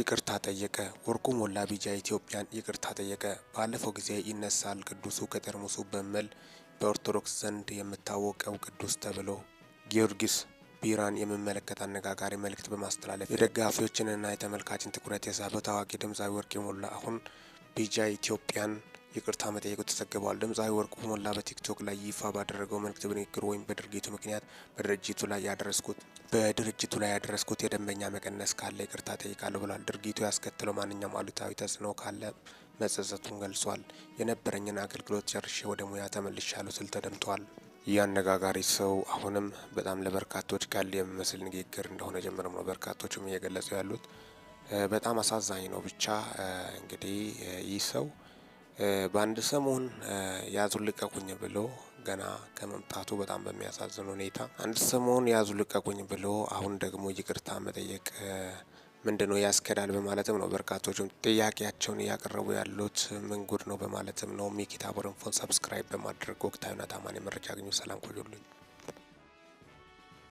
ይቅርታ ጠየቀ። ወርቁ ሞላ ቢጃ ኢትዮጵያን ይቅርታ ጠየቀ። ባለፈው ጊዜ ይነሳል ቅዱሱ ከጠርሙሱ በመል በኦርቶዶክስ ዘንድ የምታወቀው ቅዱስ ተብሎ ጊዮርጊስ ቢራን የሚመለከት አነጋጋሪ መልእክት በማስተላለፍ የደጋፊዎችንና የተመልካችን ትኩረት የሳበው ታዋቂ ድምፃዊ ወርቅ ሞላ አሁን ቢጃ ኢትዮጵያን ይቅርታ መጠየቁ ተዘግቧል። ድምፃዊ ወርቁ ሞላ በቲክቶክ ላይ ይፋ ባደረገው መልእክት በንግግር ወይም በድርጊቱ ምክንያት በድርጅቱ ላይ ያደረስኩት በድርጅቱ ላይ ያደረስኩት የደንበኛ መቀነስ ካለ ይቅርታ ጠይቃለሁ ብሏል። ድርጊቱ ያስከትለው ማንኛውም አሉታዊ ተጽዕኖ ካለ መጸጸቱን ገልጿል። የነበረኝን አገልግሎት ጨርሼ ወደ ሙያ ተመልሻለሁ ስል ተደምጧል። ይህ አነጋጋሪ ሰው አሁንም በጣም ለበርካቶች ቀልድ የሚመስል ንግግር እንደሆነ ጀምረም ነው በርካቶችም እየገለጹ ያሉት። በጣም አሳዛኝ ነው። ብቻ እንግዲህ ይህ ሰው በአንድ ሰሞን ያዙ ልቀቁኝ ብሎ ገና ከመምጣቱ በጣም በሚያሳዝን ሁኔታ አንድ ሰሞን ያዙ ልቀቁኝ ብሎ አሁን ደግሞ ይቅርታ መጠየቅ ምንድን ነው ያስከዳል? በማለትም ነው በርካቶችም ጥያቄያቸውን እያቀረቡ ያሉት ምን ጉድ ነው በማለትም ነው። ሚኪታ ቦረንፎን ሰብስክራይብ በማድረግ ወቅታዊና ታማኝ መረጃ አግኙ። ሰላም ቆዩልኝ።